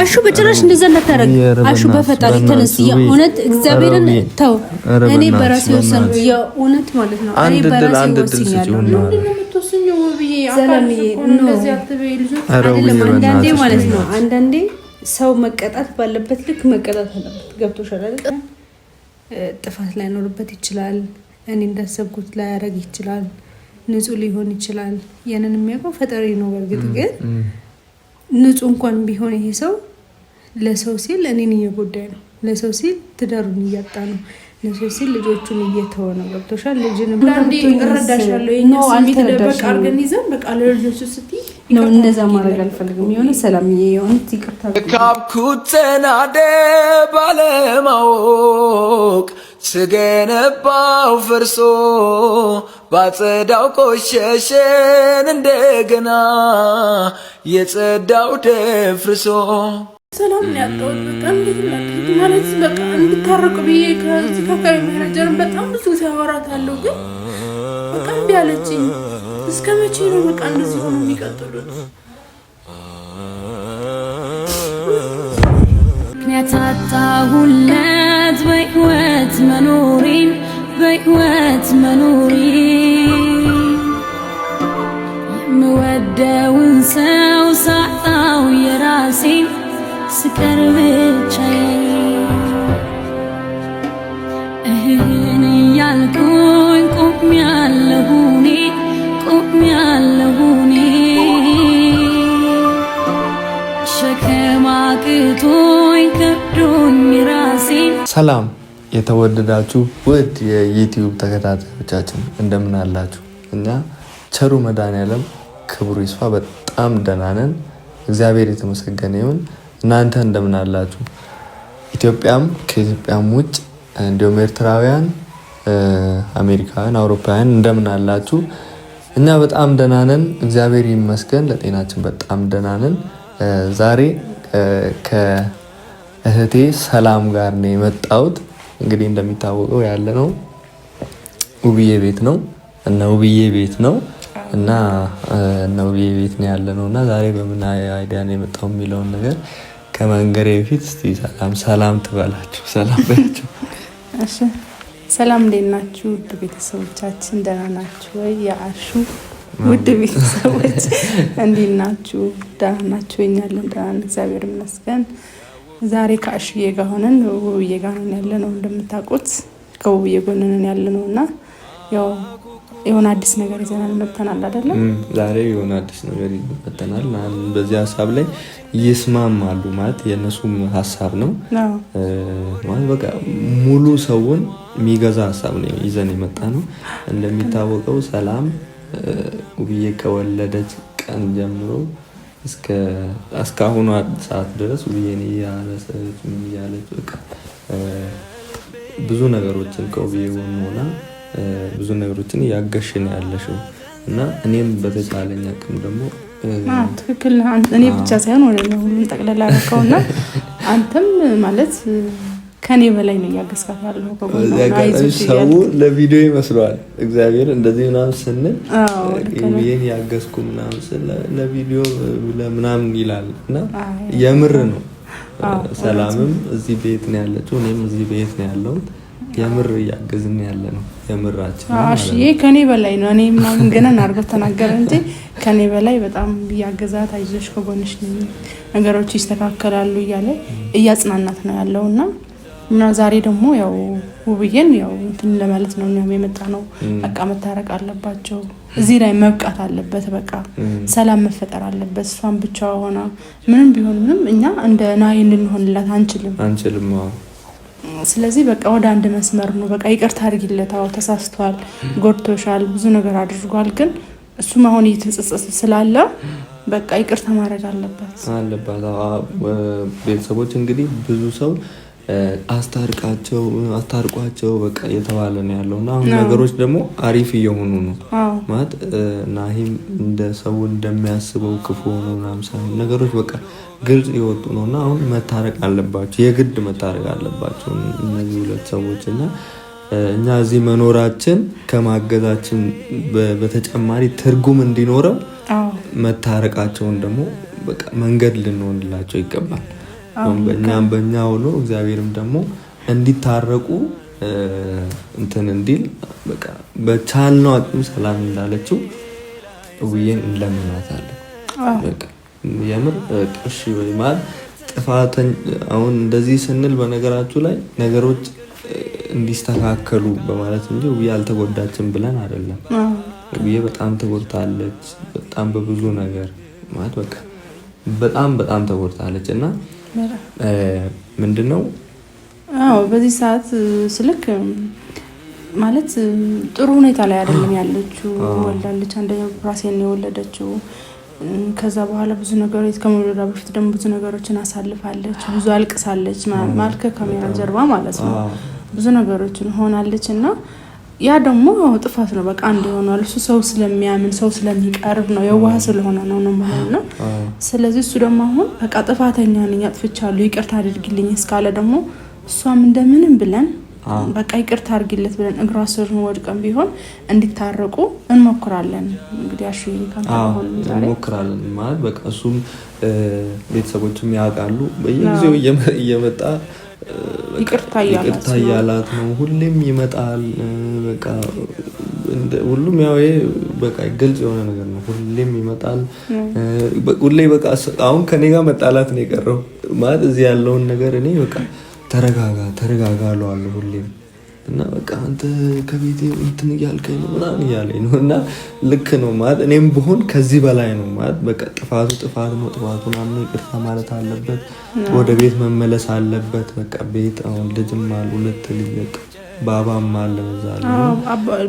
አሹ በጭራሽ እንደዛ እንዳታረግ። አሹ በፈጣሪ ተነስ። የእውነት እግዚአብሔርን ተው። እኔ በራሴ ወሰን የእውነት ማለት ነው። እኔ በራሴ ወስኛለሁ። አንዳንዴ ማለት ነው አንዳንዴ ሰው መቀጣት ባለበት ልክ መቀጣት አለበት። ገብቶሻል አይደል? ጥፋት ላይኖርበት ይችላል። እኔ እንዳሰብኩት ላያረግ ይችላል። ንጹህ ሊሆን ይችላል። ያንን የሚያውቀው ፈጣሪ ነው። በእርግጥ ግን ንጹህ እንኳን ቢሆን ይሄ ሰው ለሰው ሲል እኔን እየጎዳይ ነው፣ ለሰው ሲል ትዳሩን እያጣ ነው፣ ለሰው ሲል ልጆቹን እየተወ ነው። ገብቶሻል? ልጅን እረዳሻለሁ። የእኛ ስሜት ደበቅ አድርገን ይዘን በቃ ለልጆቹ ስትይ ነው እነዛ ማድረግ አልፈልግም። የሆነ ሰላም የሆነ ይቅርታ ካብኩት ተናደ ባለማወቅ ስገነባው ፈርሶ ባጸዳው ቆሸሸን እንደገና የጸዳው ደፍርሶ ሰላም ያጣሁት በጣም ማለት በቃ እንድታረቅ ብዬ ከዚህ ከካይ መናጀርን በጣም ብዙ ሲያወራት አለው ግን በቃ እምቢ አለችኝ። እስከ መቼ ነው በቃ እንደዚህ ሆኖ የሚቀጥሉት? ያታታሁለት በህይወት መኖሬን በህይወት መኖሬ የምወደውን ሰው ሳጣው የራሴን ስቀር ብቻዬ ሰላም የተወደዳችሁ ውድ የዩቲዩብ ተከታታዮቻችን እንደምን አላችሁ? እኛ ቸሩ መድኃኔዓለም ክብሩ ይስፋ በጣም ደህና ነን። እግዚአብሔር የተመሰገነ ይሁን። እናንተ እንደምን አላችሁ? ኢትዮጵያም ከኢትዮጵያም ውጭ እንዲሁም ኤርትራውያን፣ አሜሪካውያን፣ አውሮፓውያን እንደምን አላችሁ? እኛ በጣም ደህና ነን፣ እግዚአብሔር ይመስገን። ለጤናችን በጣም ደህና ነን። ዛሬ እህቴ ሰላም ጋር ነው የመጣሁት። እንግዲህ እንደሚታወቀው ያለ ነው ውብዬ ቤት ነው እና ውብዬ ቤት ነው እና እና ውብዬ ቤት ነው ያለ ነው እና ዛሬ በምን አይዲያ ነው የመጣው የሚለውን ነገር ከመንገሬ በፊት እስቲ ሰላም ሰላም ትበላችሁ። ሰላም በያቸው። እሺ ሰላም እንዴት ናችሁ? ውድ ቤተሰቦቻችን ደህና ናችሁ ወይ? የአሹ ውድ ቤተሰቦች እንዴት ናችሁ? ደህና ናችሁ? እኛ አለን ደህና፣ እግዚአብሔር ይመስገን። ዛሬ ከአሹዬ ጋር ሆነን ውብዬ ጋር ነን ያለ ነው። እንደምታውቁት ከውብዬ ጎን ነን ያለ ነው እና ያው የሆነ አዲስ ነገር ይዘናል መተናል አይደለም ዛሬ የሆነ አዲስ ነገር መጥተናል። በዚህ ሀሳብ ላይ ይስማማሉ ማለት የእነሱም ሀሳብ ነው ማለት በቃ ሙሉ ሰውን የሚገዛ ሀሳብ ነው ይዘን የመጣ ነው። እንደሚታወቀው ሰላም ውብዬ ከወለደች ቀን ጀምሮ እስካሁኑ ሰዓት ድረስ ውብዬን እያለሰች ምን እያለች በቃ ብዙ ነገሮችን ከውብዬ ጎን ሆና ብዙ ነገሮችን እያገሽን ያለሽው እና እኔም በተቻለኝ አቅም ደግሞ ትክክል እኔ ብቻ ሳይሆን ወደ ሁሉም ጠቅለላ ያደረከውና አንተም ማለት ከኔ በላይ ነው እያገዝካት ሰው ለቪዲዮ ይመስለዋል። እግዚአብሔር እንደዚህ ምናምን ስንል ይህን ያገዝኩ ምናምን ስል ለቪዲዮ ለምናምን ይላል እና የምር ነው። ሰላምም እዚህ ቤት ነው ያለችው፣ እኔም እዚህ ቤት ነው ያለሁት። የምር እያገዝን ያለ ነው የምራችን። ይሄ ከኔ በላይ ነው እኔ ምናምን ገነን አድርጎት ተናገረ እንጂ ከኔ በላይ በጣም እያገዛት አይዞሽ፣ ከጎንሽ ነገሮች ይስተካከላሉ እያለ እያጽናናት ነው ያለው እና እና ዛሬ ደግሞ ያው ውብዬን ያው እንትን ለማለት ነው የመጣ ነው። በቃ መታረቅ አለባቸው። እዚህ ላይ መብቃት አለበት። በቃ ሰላም መፈጠር አለበት። እሷን ብቻ ሆና ምንም ቢሆን ምንም እኛ እንደ ናሂ እንድንሆንላት አንችልም አንችልም። ስለዚህ በቃ ወደ አንድ መስመር ነው። በቃ ይቅርታ አድርጊለት። አዎ ተሳስቷል፣ ጎድቶሻል፣ ብዙ ነገር አድርጓል። ግን እሱም አሁን እየተጸጸተ ስላለ በቃ ይቅርታ ማድረግ አለበት አለባት። ቤተሰቦች እንግዲህ ብዙ ሰው አስታርቃቸው አስታርቋቸው በቃ እየተባለ ነው ያለው እና አሁን ነገሮች ደግሞ አሪፍ እየሆኑ ነው ማለት ናሂም እንደ ሰው እንደሚያስበው ክፉ ሆኖ ምናምን ሳይሆን ነገሮች በቃ ግልጽ የወጡ ነው እና አሁን መታረቅ አለባቸው፣ የግድ መታረቅ አለባቸው እነዚህ ሁለት ሰዎች እና እኛ እዚህ መኖራችን ከማገዛችን በተጨማሪ ትርጉም እንዲኖረው መታረቃቸውን ደግሞ በቃ መንገድ ልንሆንላቸው ይገባል። በእኛም በእኛ ሆኖ እግዚአብሔርም ደግሞ እንዲታረቁ እንትን እንዲል በቻልነው አቅም ሰላም እንዳለችው ውዬን እንለምናታለን። የምር ቅርሽ ማለት ጥፋተኝ አሁን እንደዚህ ስንል በነገራችሁ ላይ ነገሮች እንዲስተካከሉ በማለት እንጂ ውዬ አልተጎዳችም ብለን አይደለም። ውዬ በጣም ተጎድታለች። በጣም በብዙ ነገር ማለት በቃ በጣም በጣም ተጎድታለች እና ምንድን ነው? አዎ በዚህ ሰዓት ስልክ ማለት ጥሩ ሁኔታ ላይ አይደለም ያለችው። ወልዳለች፣ አንደኛ ራሴን የወለደችው። ከዛ በኋላ ብዙ ነገሮች ከመውለዷ በፊት ደግሞ ብዙ ነገሮችን አሳልፋለች። ብዙ አልቅሳለች፣ ማልከ ካሜራ ጀርባ ማለት ነው። ብዙ ነገሮችን ሆናለች እና ያ ደግሞ ጥፋት ነው። በቃ አንድ ይሆናል። እሱ ሰው ስለሚያምን ሰው ስለሚቀርብ ነው የዋህ ስለሆነ ነው ነው ማለት ነው። ስለዚህ እሱ ደግሞ አሁን በቃ ጥፋተኛ ነኝ አጥፍቻለሁ፣ ይቅርታ አድርግልኝ እስካለ ደግሞ እሷም እንደምንም ብለን በቃ ይቅርታ አድርጊለት ብለን እግሯ ስር ወድቀን ቢሆን እንዲታረቁ እንሞክራለን። እንግዲህ አሹ እንሞክራለን ማለት በቃ እሱም ቤተሰቦችም ያውቃሉ በየጊዜው እየመጣ ይቅርታ እያላት ነው። ሁሌም ይመጣል። በቃ ሁሉም ያው በቃ ግልጽ የሆነ ነገር ነው። ሁሌም ይመጣል። ሁሌ በቃ አሁን ከኔ ጋር መጣላት ነው የቀረው ማለት እዚህ ያለውን ነገር እኔ በቃ ተረጋጋ ተረጋጋ እለዋለሁ ሁሌም እና በቃ አንተ ከቤቴ እንትን እያልከኝ ነው ምናምን እያለኝ ነው። እና ልክ ነው ማለት እኔም ብሆን ከዚህ በላይ ነው ማለት በቃ ጥፋቱ ጥፋት ነው። ጥፋቱ ምናምን ይቅርታ ማለት አለበት፣ ወደ ቤት መመለስ አለበት። በቃ ቤት አሁን ልጅም አሉ ሁለት ልጅ በቃ ባባም አለ በዛ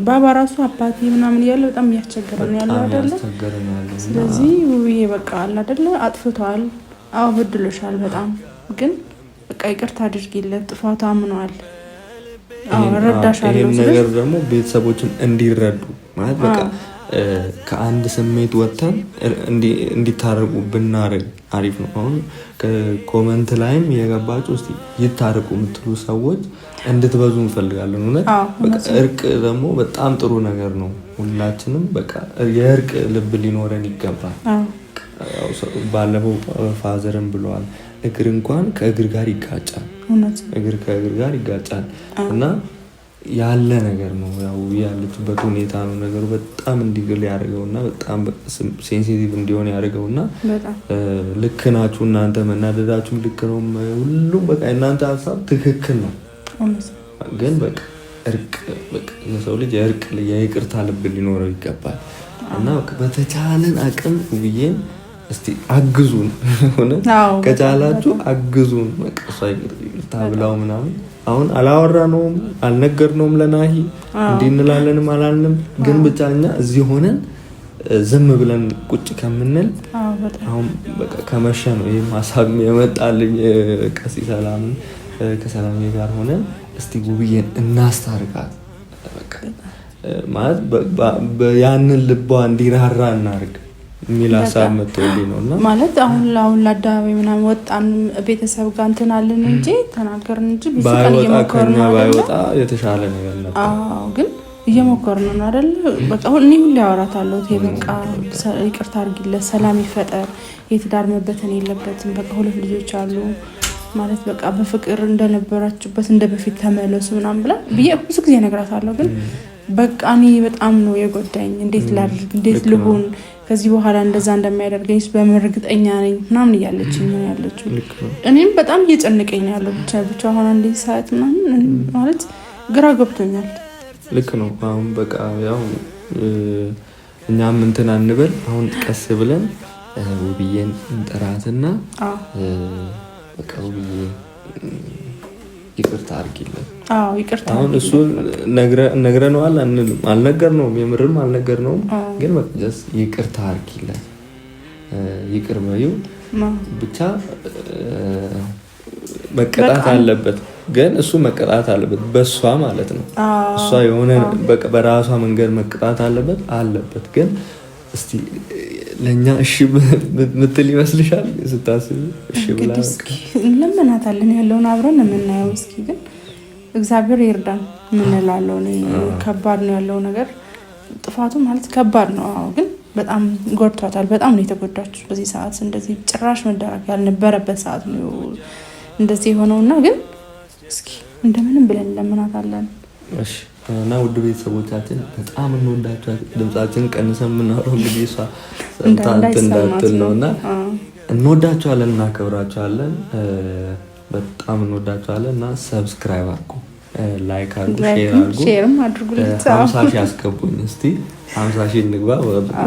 ባባ ራሱ አባቴ ምናምን እያለ በጣም እያስቸገረ ነው ያለው አይደለ? ስለዚህ ውብዬ በቃ አለ አይደለ? አጥፍቷል። አዎ በድሎሻል በጣም ግን በቃ ይቅርታ አድርጊለት። ጥፋቱ አምኗል። ይህም ነገር ደግሞ ቤተሰቦችን እንዲረዱ ማለት በቃ ከአንድ ስሜት ወጥተን እንዲታረቁ ብናረግ አሪፍ ነው። አሁን ከኮመንት ላይም የገባችሁ ስ ይታረቁ የምትሉ ሰዎች እንድትበዙ እንፈልጋለን። እውነት እርቅ ደግሞ በጣም ጥሩ ነገር ነው። ሁላችንም በቃ የእርቅ ልብ ሊኖረን ይገባል። ባለፈው ፋዘርን ብለዋል። እግር እንኳን ከእግር ጋር ይጋጫል። እግር ከእግር ጋር ይጋጫል እና ያለ ነገር ነው ያው ያለችበት ሁኔታ ነው ነገሩ በጣም እንዲግል እና በጣም ሴንሲቲቭ እንዲሆን ያደርገውና ልክ ናችሁ እናንተ መናደዳችሁም ልክ ነው። ሁሉም በቃ እናንተ ሀሳብ ትክክል ነው፣ ግን በቃ እርቅ የሰው ልጅ የእርቅ የይቅርታ ልብ ሊኖረው ይገባል እና በተቻለን አቅም ውብዬን እስቲ አግዙን ሆነ ከቻላችሁ አግዙን። ታብላው ምናምን አሁን አላወራነውም አልነገርነውም። ለናሂ እንዲህ እንላለንም አላልንም፣ ግን ብቻ እኛ እዚህ ሆነን ዝም ብለን ቁጭ ከምንል አሁን በቃ ከመሸ ነው ይህም ሀሳብ የመጣልኝ ቀሲ ሰላም ከሰላሜ ጋር ሆነን እስቲ ጉብዬን እናስታርቃት ማለት ያንን ልቧ እንዲራራ እናርግ የሚል ሀሳብ መጥቶልኝ ነው እና ማለት አሁን አሁን ለአደባባይ ምናምን ወጣን ቤተሰብ ጋር እንትን አለን እንጂ ተናገርን እንጂ ከኛ ባይወጣ የተሻለ ነገር ነበር። ግን እየሞከርን ነው አይደል? በቃ እኔ ሁሌ አወራታለሁ። ይሄ በቃ ይቅርታ አድርጊለት፣ ሰላም ይፈጠር፣ የትዳር መበተን የለበትም። በቃ ሁለት ልጆች አሉ ማለት በቃ በፍቅር እንደነበራችሁበት እንደ በፊት ተመለሱ ምናምን ብላ ብዬ ብዙ ጊዜ እነግራታለሁ። ግን በቃ እኔ በጣም ነው የጎዳኝ። እንዴት ላድርግ? እንዴት ልሁን? ከዚህ በኋላ እንደዛ እንደሚያደርገኝ በምን እርግጠኛ ነኝ ምናምን እያለች ነው ያለችው። እኔም በጣም እየጨነቀኝ ነው ያለው ብቻ ብቻ አሁን አንዴ ሰዓት ምናምን ማለት ግራ ገብቶኛል። ልክ ነው። አሁን በቃ ያው እኛም እንትን አንበል። አሁን ቀስ ብለን ውብዬን እንጠራትና በቃ ውብዬ ይቅርታ አድርጊልን። አሁን እሱን ነግረነዋል አንልም፣ አልነገርነውም፣ የምርም አልነገርነውም። ግን መቅደስ ይቅርታ አድርጊልን፣ ይቅር በይው ብቻ መቀጣት አለበት ግን እሱ መቀጣት አለበት፣ በእሷ ማለት ነው። እሷ የሆነ በራሷ መንገድ መቀጣት አለበት አለበት ግን እስቲ ለእኛ እሺ ምትል ይመስልሻል? ስታስብ እሺ ብላ እንለምናታለን። ያለውን አብረን የምናየው እስኪ ግን እግዚአብሔር ይርዳን ምንላለው። ከባድ ነው ያለው ነገር ጥፋቱ ማለት ከባድ ነው። አዎ ግን በጣም ጎድቷታል። በጣም ነው የተጎዳችው በዚህ ሰዓት። እንደዚህ ጭራሽ መደረግ ያልነበረበት ሰዓት ነው እንደዚህ እና ግን እስኪ እንደምንም ብለን እንለምናታለን። እና ውድ ቤተሰቦቻችን በጣም እንወዳቸው። ድምጻችን ቀንሰ የምናወራው እንግዲህ እሷ ሰምታት እንዳትል ነው እና እንወዳቸዋለን፣ እናከብራቸዋለን፣ በጣም እንወዳቸዋለን እና ሰብስክራይብ አርጉ፣ ላይክ አርጉ፣ ሼር አርጉ፣ ሀምሳ ሺህ አስገቡኝ እስቲ ሀምሳ ሺህ እንግባ።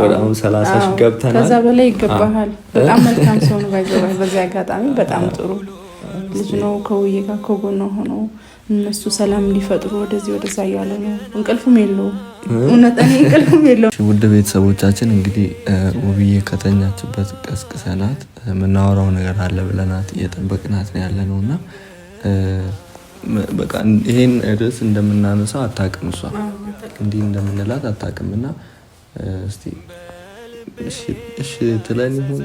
ወደ አሁን ሰላሳ ሺህ ገብተናል። ከዛ በላይ ይገባሃል። በጣም መልካም ሰው ነው። ባይዘባል በዚህ አጋጣሚ በጣም ጥሩ ልጅ ነው። ከውዬ ጋር ከጎኗ ሆነው እነሱ ሰላም እንዲፈጥሩ ወደዚህ ወደዛ እያለ ነው። እንቅልፍም የለውም እውነጠኔ እንቅልፍም የለውም። ውድ ቤተሰቦቻችን እንግዲህ ውብዬ ከተኛችበት ቀስቅሰናት የምናወራው ነገር አለ ብለናት እየጠበቅናት ነው ያለ ነው እና በቃ ይሄን ርዕስ እንደምናነሳው አታውቅም፣ እሷ እንዲህ እንደምንላት አታውቅም እና እስቲ እሺ ትለን ይሁን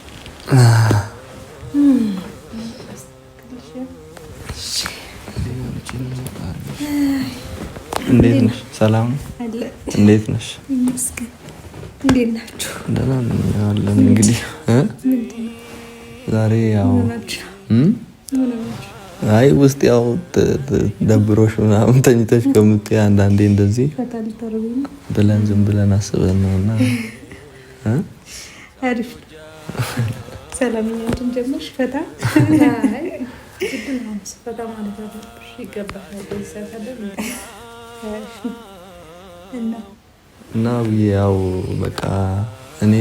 እንዴት ነሽ? ሰላም እንዴት ነሽ? እንዴት ናችሁ? ደህና ነን። እንግዲህ ዛሬ ያው አይ ውስጥ ያው ደብሮሽ ምናምን ተኝተሽ ከምት አንዳንዴ እንደዚህ ብለን ዝም ብለን አስበን ነውና ሰላም እያንችን ጀምር ፈታ ፈታ ማለት ይገባል እና ያው በቃ እኔ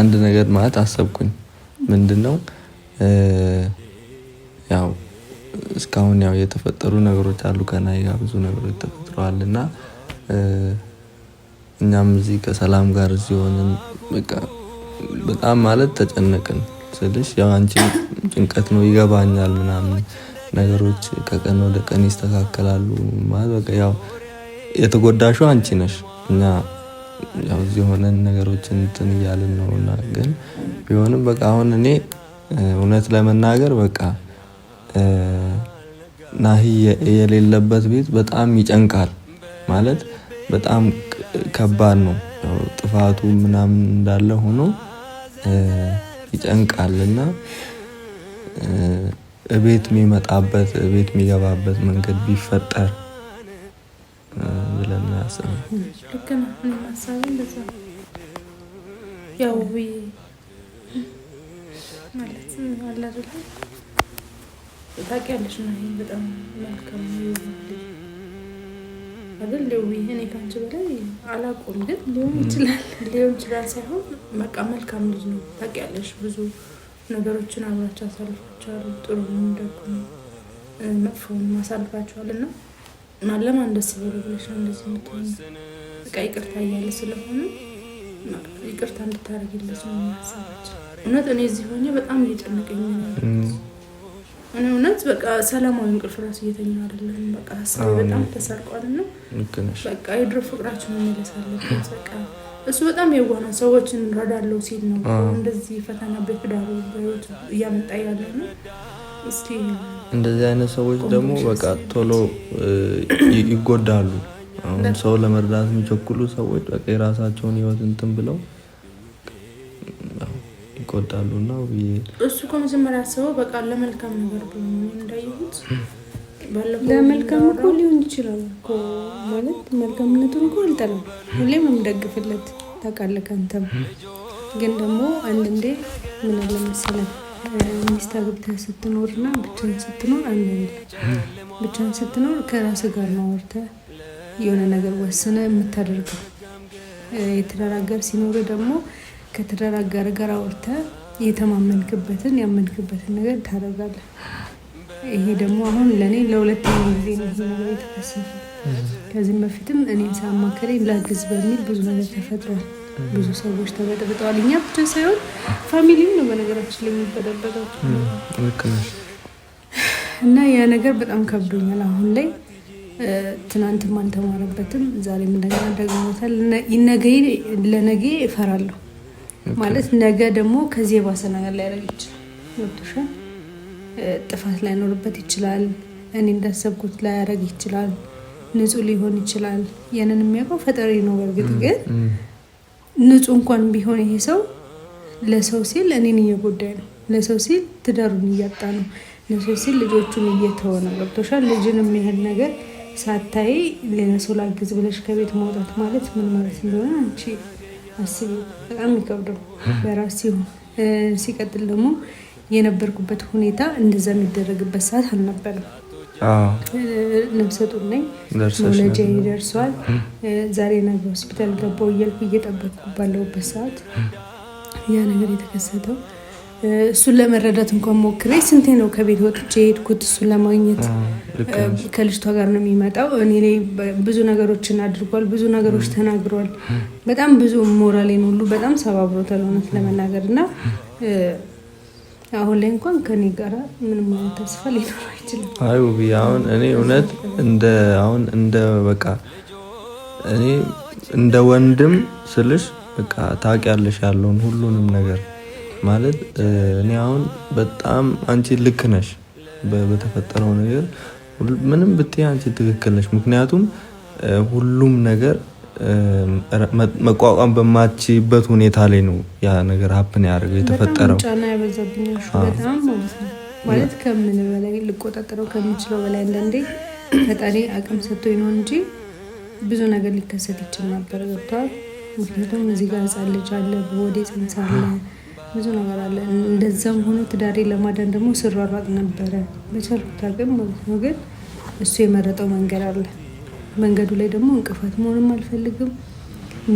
አንድ ነገር ማለት አሰብኩኝ። ምንድን ነው ያው እስካሁን ያው የተፈጠሩ ነገሮች አሉ ከናይ ጋር ብዙ ነገሮች ተፈጥረዋል እና እኛም እዚህ ከሰላም ጋር እዚህ ሆነን በቃ በጣም ማለት ተጨነቅን ስልሽ የአንቺ ጭንቀት ነው ይገባኛል፣ ምናምን ነገሮች ከቀን ወደ ቀን ይስተካከላሉ። ማለት በቃ ያው የተጎዳሹ አንቺ ነሽ። እኛ ያው እዚህ ሆነን ነገሮችን እንትን እያልን ነው እና ግን ቢሆንም በቃ አሁን እኔ እውነት ለመናገር በቃ ናሂ የሌለበት ቤት በጣም ይጨንቃል። ማለት በጣም ከባድ ነው። ጥፋቱ ምናምን እንዳለ ሆኖ ይጨንቃልና እቤት የሚመጣበት እቤት የሚገባበት መንገድ ቢፈጠር ብለን ያስብ ልክ ነው። ሀሳብ ማለት አለ አይደለ ታውቂያለሽ ነው። በጣም መልካም አይደል? ሌዊ እኔ ካንቺ በላይ አላውቅም፣ ግን ሊሆን ይችላል ሊሆን ይችላል ሳይሆን በቃ መልካም ልጅ ነው። ታውቂያለሽ፣ ብዙ ነገሮችን አብራችሁ አሳልፋችኋል። ጥሩ ደጉ መጥፎውን አሳልፋችኋል እና ለማን ደስ ብሎ ብለሽ ነው እንደዚህ የምትሆኝ? በቃ ይቅርታ እያለ ስለሆነ ይቅርታ እንድታደርግለት ነው ማሳች። እውነት እኔ እዚህ ሆኜ በጣም እየጨነቀኝ ነው። እኔ እውነት በቃ ሰላማዊ እንቅልፍ ራሱ እየተኛ አይደለም። በቃ ሀሳብ በጣም ተሰርቋል እና በቃ የድሮ ፍቅራችን መመለስ አለበት። በቃ እሱ በጣም የዋና ሰዎችን እንረዳለው ሲል ነው እንደዚህ ፈተና በትዳሩ በሕይወት እያመጣ ያለ ነው። እስኪ እንደዚህ አይነት ሰዎች ደግሞ በቃ ቶሎ ይጎዳሉ። አሁን ሰው ለመርዳት የሚቸኩሉ ሰዎች በቃ የራሳቸውን ህይወት እንትን ብለው ይጎዳሉ እና እኮ መጀመሪያ ሰው በቃ ለመልካም ነገር ብሎ እንዳየሁት ለመልካም እኮ ሊሆን ይችላል እኮ ማለት መልካምነቱን እኮ አልጠላም፣ ሁሌም የምደግፍለት ታውቃለህ። ከአንተም ግን ደግሞ አንድ እንዴ ምን አለ መሰለህ ሚስት አግብተህ ስትኖር እና ብቻን ስትኖር አንድ ብቻን ስትኖር ከራስ ጋር ነው አውርተህ የሆነ ነገር ወስነህ የምታደርገው። የተደራገር ሲኖር ደግሞ ከተደራገር ጋር አውርተህ የተማመንክበትን ያመንክበትን ነገር ታደርጋለህ። ይሄ ደግሞ አሁን ለእኔ ለሁለተኛ ጊዜ ነው የተከሰተ። ከዚህም በፊትም እኔን ሳማከረኝ ላግዝ በሚል ብዙ ነገር ተፈጥሯል። ብዙ ሰዎች ተበጥብጠዋል። እኛ ብቻ ሳይሆን ፋሚሊም ነው በነገራችን ላይ የሚበጠበጠው እና ያ ነገር በጣም ከብዶኛል አሁን ላይ ትናንትም አልተማረበትም። ዛሬም እንደገና ደግሞታል። ለነገ እፈራለሁ። ማለት ነገ ደግሞ ከዚህ የባሰ ነገር ሊያደርግ ይችላል። ጥፋት ላይኖርበት ይችላል። እኔ እንዳሰብኩት ላያደርግ ይችላል። ንጹህ ሊሆን ይችላል። ያንን የሚያውቀው ፈጣሪ ነው። በእርግጥ ግን ንጹህ እንኳን ቢሆን ይሄ ሰው ለሰው ሲል እኔን እየጎዳይ ነው፣ ለሰው ሲል ትዳሩን እያጣ ነው፣ ለሰው ሲል ልጆቹን እየተወ ነው። ገብቶሻል። ልጅን የሚያህል ነገር ሳታይ ሌላ ላግዝ ብለሽ ከቤት መውጣት ማለት ምን ማለት እንደሆነ አንቺ አስቡ። በጣም የሚከብደው በራስ ሲሆን ሲቀጥል ደግሞ የነበርኩበት ሁኔታ እንደዛ የሚደረግበት ሰዓት አልነበረም። ነብሰ ጡር ነኝ፣ መውለጃ ይደርሷል። ዛሬ ነገ ሆስፒታል ገባው እያልኩ እየጠበቅኩ ባለውበት ሰዓት ያ ነገር የተከሰተው እሱን ለመረዳት እንኳን ሞክሬ ስንቴ ነው ከቤት ወጥቼ የሄድኩት እሱን ለማግኘት። ከልጅቷ ጋር ነው የሚመጣው። እኔ ላይ ብዙ ነገሮችን አድርጓል፣ ብዙ ነገሮች ተናግሯል። በጣም ብዙ ሞራሌን ሁሉ በጣም ሰባብሮታል እውነት ለመናገር እና አሁን ላይ እንኳን ከኔ ጋር ምንም አይነት ተስፋ ሊኖር አይችልም። አይ ውብዬ፣ አሁን እኔ እውነት እንደ አሁን እንደ በቃ እኔ እንደ ወንድም ስልሽ በቃ ታውቂያለሽ ያለውን ሁሉንም ነገር ማለት እኔ አሁን በጣም አንቺ ልክ ነሽ በተፈጠረው ነገር ምንም ብትይ አንቺ ትክክል ነሽ። ምክንያቱም ሁሉም ነገር መቋቋም በማችበት ሁኔታ ላይ ነው ያ ነገር ሀፕን ያደርገው የተፈጠረው። ጫና ያበዛብኝ በጣም ማለት ከምን በላይ ልቆጣጠረው ከምችለው በላይ አንዳንዴ ፈጣሪ አቅም ሰጥቶኝ ነው እንጂ ብዙ ነገር ሊከሰት ይችል ነበር። ገብተዋል። ምክንያቱም እዚህ ጋር ህጻን ልጅ አለ፣ ወደ ጽንስ አለ ብዙ ነገር አለ። እንደዛም ሆኖ ትዳሬ ለማዳን ደግሞ ስሯሯጥ ነበረ በቻልኩት አቅም ማለት ነው። ግን እሱ የመረጠው መንገድ አለ። መንገዱ ላይ ደግሞ እንቅፋት መሆንም አልፈልግም።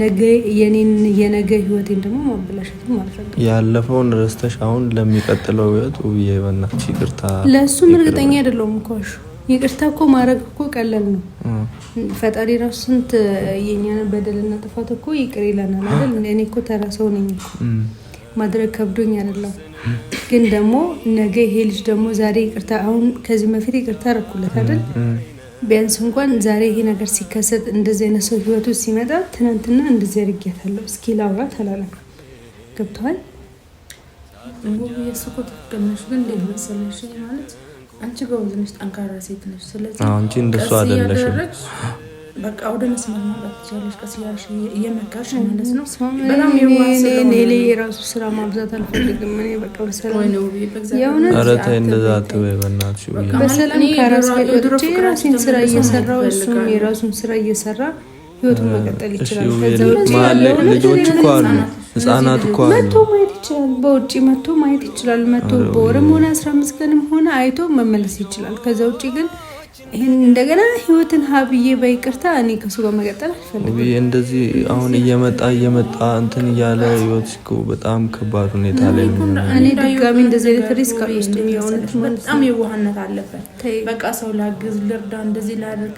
ነገ የኔን የነገ ህይወቴን ደግሞ ማበላሸትም አልፈልግም። ያለፈውን ረስተሽ አሁን ለሚቀጥለው ህይወት ውብዬ በእናትሽ ይቅርታ። ለእሱም እርግጠኛ አይደለሁም እኮ እሺ፣ ይቅርታ እኮ ማድረግ እኮ ቀለል ነው። ፈጣሪ ራሱ ስንት የኛ በደልና ጥፋት እኮ ይቅር ይለናል አይደል? እኔ እኮ ተራ ሰው ነኝ እኮ ማድረግ ከብዶኝ አይደለም። ግን ደግሞ ነገ ይሄ ልጅ ደግሞ ዛሬ ይቅርታ አሁን ከዚህ በፊት ይቅርታ ረኩለት አይደል? ቢያንስ እንኳን ዛሬ ይሄ ነገር ሲከሰት እንደዚህ አይነት ሰው ህይወቱ ሲመጣ ትናንትና እንደዚህ አድርጊያታለሁ እስኪ ላውራ አላለም። ገብተዋል የሱቁ ማለት አንቺ ጎበዝ ነሽ፣ ጠንካራ ሴት ነሽ። ስለዚህ አንቺ እንደሱ አይደለሽም በቃ ወደ መስመር ማለት ትችላለች። ቀስያሽ እየመካሽ ማለት ነው። በጣም የራሱ ስራ ማብዛት አልፈልግም። እኔ በቃ በሰላም ስራ እየሰራ እሱም የራሱን ስራ እየሰራ ህይወቱን መቀጠል ይችላል። ልጆች እኮ አሉ፣ ህጻናት እኮ አሉ። መቶ ማየት ይችላል፣ በውጭ መቶ ማየት ይችላል። መቶ በወርም ሆነ አስራ አምስት ቀንም ሆነ አይቶ መመለስ ይችላል። ከዛ ውጭ ግን ይህን እንደገና ህይወትን ሀብዬ በይቅርታ እኔ ከሱ ጋር መቀጠል አልፈልግም። እንደዚህ አሁን እየመጣ እየመጣ እንትን እያለ ህይወት በጣም ከባድ ሁኔታ ላይ እኔ ድጋሚ እንደዚህ አይነት ሪስክ በጣም የዋህነት አለበት። በቃ ሰው ላግዝ፣ ልርዳ፣ እንደዚህ ላድርግ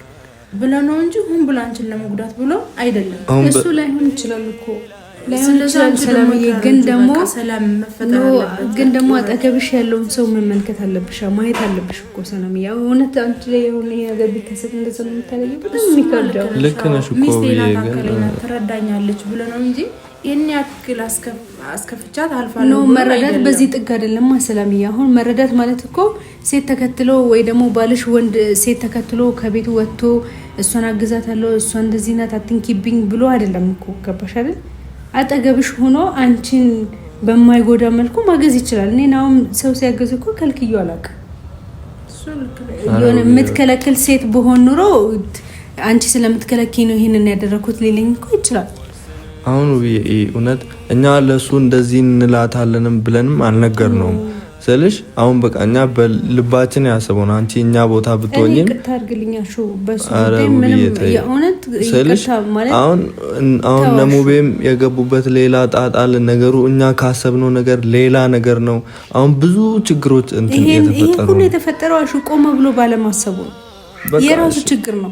ብለ ነው እንጂ ሁን ብላ አንችን ለመጉዳት ብሎ አይደለም። እሱ ላይ ሁን ይችላል እኮ ላይሆን ሰላምዬ፣ ግን ደግሞ ግን ደግሞ አጠገብሽ ያለውን ሰው መመልከት አለብሽ፣ ማየት አለብሽ እኮ ሰላም። ያው እውነት አንቺ ላይ የሆነ ነገር ቢከሰት እንደዛ ነው የምታለየው። በጣም የሚከብደው ልክ ነሽ እኮ ትረዳኛለች ብለህ ነው እንጂ ይህን ያክል አስከፍቻት አልፋለሁ። መረዳት በዚህ ጥግ አይደለም ሰላምዬ። አሁን መረዳት ማለት እኮ ሴት ተከትሎ ወይ ደግሞ ባልሽ ወንድ ሴት ተከትሎ ከቤት ወጥቶ እሷን አግዛታለሁ እሷ እንደዚህ ናት አትንኪብኝ ብሎ አይደለም እኮ ገባሽ አይደል? አጠገብሽ ሆኖ አንቺን በማይጎዳ መልኩ ማገዝ ይችላል። እኔ ናሁም ሰው ሲያገዝ እኮ ከልክዩ አላውቅም። የሆነ የምትከለክል ሴት በሆን ኑሮ አንቺ ስለምትከለኪ ነው ይህንን ያደረግኩት ሌለኝ እኮ ይችላል። አሁን እውነት እኛ ለእሱ እንደዚህ እንላታለንም ብለንም አልነገር ነውም ስልሽ አሁን በቃ እኛ በልባችን ያስበው ነው። አንቺ እኛ ቦታ ብትሆኝ ስልሽ አሁን ነሙቤም የገቡበት ሌላ ጣጣል ነገሩ እኛ ካሰብነው ነገር ሌላ ነገር ነው። አሁን ብዙ ችግሮች እንትን ይሄ ሁሉ የተፈጠረው አሹ ቆመ ብሎ ባለማሰቡ የራሱ ችግር ነው።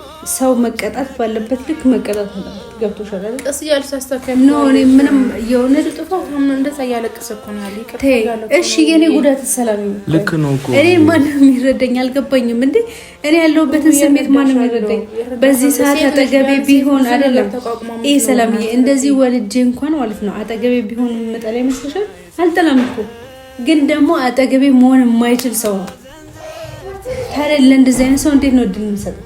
ሰው መቀጣት ባለበት ልክ መቀጣት ነው። ገብቶሻል አይደል? ቀስ እያሉ ሳስተካከል ነው። እኔ ምንም የሆነ ልጥፎ ጥፋ እንደዛ እያለቀሰ እኮ ነው ያለ። እሺ የኔ ጉዳት ሰላም ነው። ልክ ነው እኮ እኔ ማንም ይረዳኝ አልገባኝም እንዴ እኔ ያለሁበትን ስሜት ማንም ይረዳኝ። በዚህ ሰዓት አጠገቤ ቢሆን አይደለም ይሄ ሰላምዬ፣ እንደዚህ ወልጄ እንኳን ማለት ነው አጠገቤ ቢሆን መጠላ ይመስልሻል? አልጠላም እኮ ግን ደግሞ አጠገቤ መሆን የማይችል ሰው ነው። ታዲያ ለእንደዚህ አይነት ሰው እንዴት ነው እድል የምንሰጠው?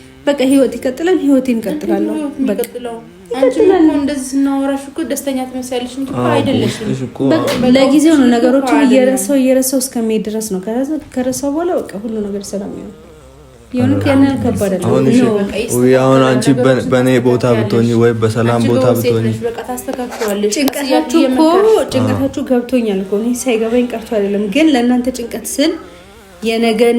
በቃ ህይወት ይቀጥላል። ህይወት እንቀጥላለሁ። እንደዚህ ስናወራሽ እኮ ደስተኛ ትመስያለሽ አይደለሽም። ለጊዜው ነው ነገሮችን እየረሳው እየረሳው እስከሚሄድ ድረስ ነው። ከረሳው በኋላ በቃ ሁሉ ነገር ሰላም ይሆናል። አሁን አንቺ በእኔ ቦታ ብትሆኝ ወይ በሰላም ቦታ ብትሆኝ ጭንቀታችሁ እኮ ገብቶኛል እኮ ሳይገባኝ ቀርቶ አይደለም፣ ግን ለእናንተ ጭንቀት ስል የነገን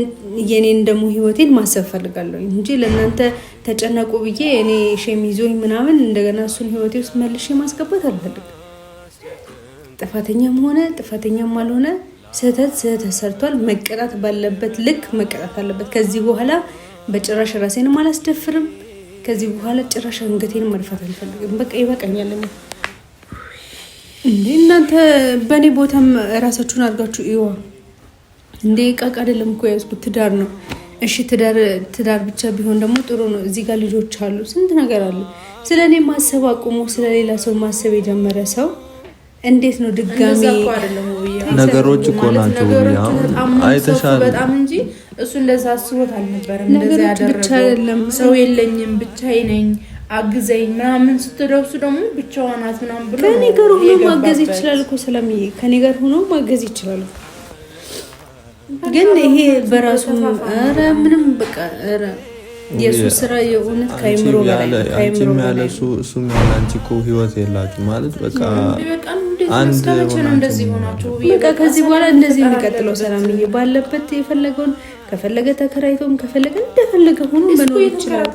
የኔን ደግሞ ህይወቴን ማሰብ ፈልጋለሁ እንጂ ለእናንተ ተጨነቁ ብዬ እኔ ይዞኝ ምናምን እንደገና እሱን ህይወቴ ውስጥ መልሼ ማስገባት አልፈልግም። ጥፋተኛም ሆነ ጥፋተኛም አልሆነ ስህተት ስህተት ሰርቷል። መቀጣት ባለበት ልክ መቀጣት አለበት። ከዚህ በኋላ በጭራሽ ራሴንም አላስደፍርም። ከዚህ በኋላ ጭራሽ አንገቴን መድፋት አልፈልግም። በቃ ይበቃኛል። እንዴ እናንተ በእኔ ቦታም ራሳችሁን አድርጋችሁ ይዋ እንደ ቃቅ አይደለም እኮ የያዝኩት ትዳር ነው። እሺ ትዳር ብቻ ቢሆን ደግሞ ጥሩ ነው። እዚህ ጋር ልጆች አሉ፣ ስንት ነገር አለ። ስለ እኔ ማሰብ አቁሞ ስለሌላ ሰው ማሰብ የጀመረ ሰው እንዴት ነው ድጋሚ ነገሮች እኮ ናቸው። አይተሻል በጣም እንጂ እሱ እንደዛ አስቦት አልነበረም። ብቻ አይደለም። ሰው የለኝም ብቻ ነኝ አግዘኝ ምናምን ስትደርሱ ደግሞ ብቻዋን ናት ምናምን ብሎ ከኔ ጋር ሆኖ ማገዝ ይችላል እኮ ስለምዬ ከኔ ጋር ሆኖ ማገዝ ይችላል እኮ ግን ይሄ በራሱ ኧረ ምንም በቃ ኧረ የእሱ ስራ የእውነት ከአይምሮ ያለ እሱም ያለ አንቺ እኮ ህይወት የላችሁ ማለት በቃ አንድ በቃ ከዚህ በኋላ እንደዚህ የሚቀጥለው ሰላምዬ ባለበት የፈለገውን ከፈለገ ተከራይቶም ከፈለገ እንደፈለገ ሆኖ መኖር ይችላል።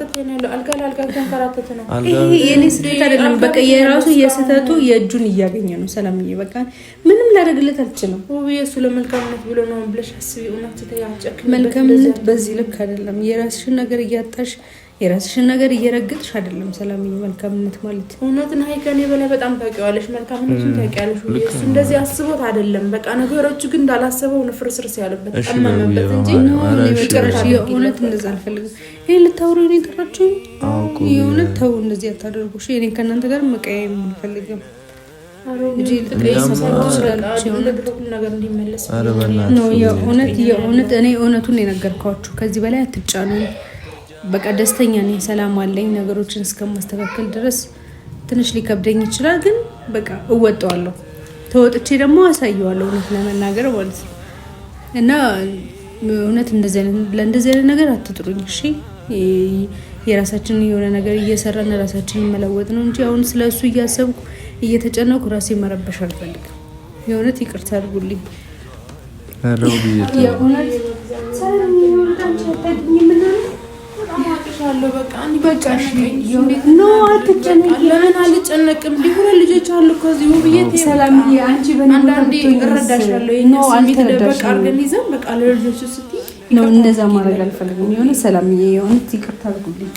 የኔ ስህተት አይደለም። በቃ የራሱ የስህተቱ የእጁን እያገኘ ነው። ሰላምዬ በቃ ምንም ላደርግለት አልችልም። እሱ ለመልካምነት ብሎ ነው ብለሽ አስቢ። መልካምነት በዚህ ልክ አይደለም። የራስሽን ነገር እያጣሽ የራስሽን ነገር እየረገጥሽ አይደለም። ሰላም መልካምነት ማለት እውነትን ሀይከን የበለ በጣም ታውቂዋለሽ፣ መልካምነቱን ታውቂያለሽ። እሱ እንደዚህ አስቦት አይደለም። በቃ ነገሮቹ ግን እንዳላሰበው ንፍርስርስ ያለበት ጠማመበት እንጂ መጨረሻ የእውነት እንደዛ አልፈልግም። ይህ ልታውሩ ኔ ጠራችሁ የእውነት ተው፣ እንደዚህ አታደርጉ። እኔ ከእናንተ ጋር መቀያየም አልፈልግም። የእውነት የእውነት እኔ እውነቱን የነገርኳችሁ ከዚህ በላይ አትጫኑ። በቃ ደስተኛ ነኝ፣ ሰላም አለኝ። ነገሮችን እስከማስተካከል ድረስ ትንሽ ሊከብደኝ ይችላል፣ ግን በቃ እወጠዋለሁ ተወጥቼ ደግሞ አሳየዋለሁ፣ እውነት ለመናገር ማለት ነው። እና እውነት ለእንደዚህ አይነት ነገር አትጥሩኝ እሺ። የራሳችንን የሆነ ነገር እየሰራን ራሳችንን መለወጥ ነው እንጂ አሁን ስለ እሱ እያሰብኩ እየተጨነኩ ራሴ መረበሽ አልፈልግም። የእውነት ይቅርታ አድርጉልኝ። የእውነት ሰላም ለምን አልጨነቅም? ሊሆነ ልጆች አሉ እኮ እዚሁ ብዬሽ ተይው። አንቺ አንዳንዴ እረዳሻለሁ። የእኛ ስሜት ደበቅ አድርገን ይዘን በቃ ለልጆቹ ስትይ ነው። እንደዛ ማድረግ አልፈልግም። የሆነ ሰላምዬ የሆነ ይቅርታ አድርጉልኝ።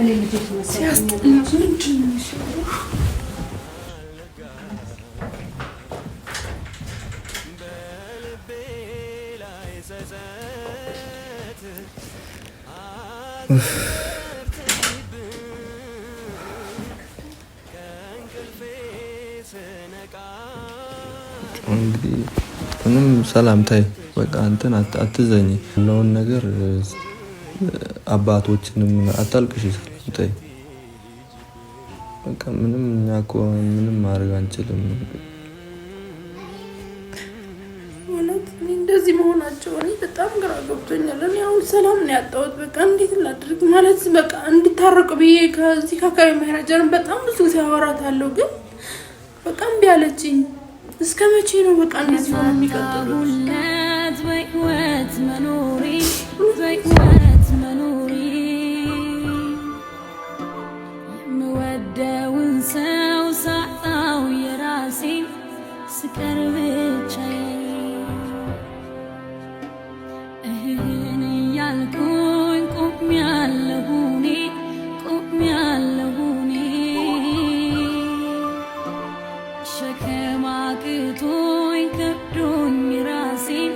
እኔ ልጆች መሰለኝ እንግዲህ ምንም ሰላምታይ በቃ አንተን አትዘኝ ያለውን ነገር አባቶችንም አታልቅሽ። ሰላምታይ በቃ ምንም እኛ እኮ ምንም ማድረግ አንችልም። እንደዚህ መሆናቸው እኔ በጣም ግራ ገብቶኛል። እኔ አሁን ሰላም ነው ያጣሁት። በቃ እንዴት ላድርግ ማለት በቃ እንድታረቅ ብዬ ከዚህ ከአካባቢ መሄዳጀርን በጣም ብዙ ጊዜ አለው፣ ግን በቃ እምቢ አለችኝ። እስከ መቼ ነው በቃ እንደዚህ ሆነ የሚቀጥሉት? የምወደውን ሰው ሳጣው የራሴን ስቀርብ መሸከም አቅቶኝ ከብዶኝ ራሴን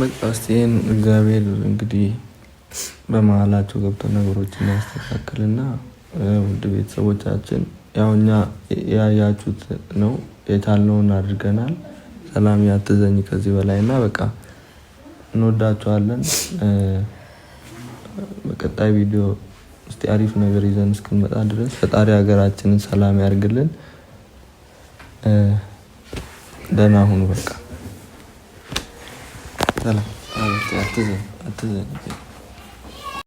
መቃስቴን እግዚአብሔር እንግዲህ በመሀላቸው ገብቶ ነገሮችን ያስተካክልና ውድ ቤተሰቦቻችን ያው እኛ ያያችሁት ነው። የቻልነውን አድርገናል። ሰላም ያትዘኝ ከዚህ በላይ እና በቃ እንወዳቸዋለን። በቀጣይ ቪዲዮ ውስጥ አሪፍ ነገር ይዘን እስክንመጣ ድረስ ፈጣሪ ሀገራችንን ሰላም ያርግልን። ደህና ሁኑ። በቃ ሰላም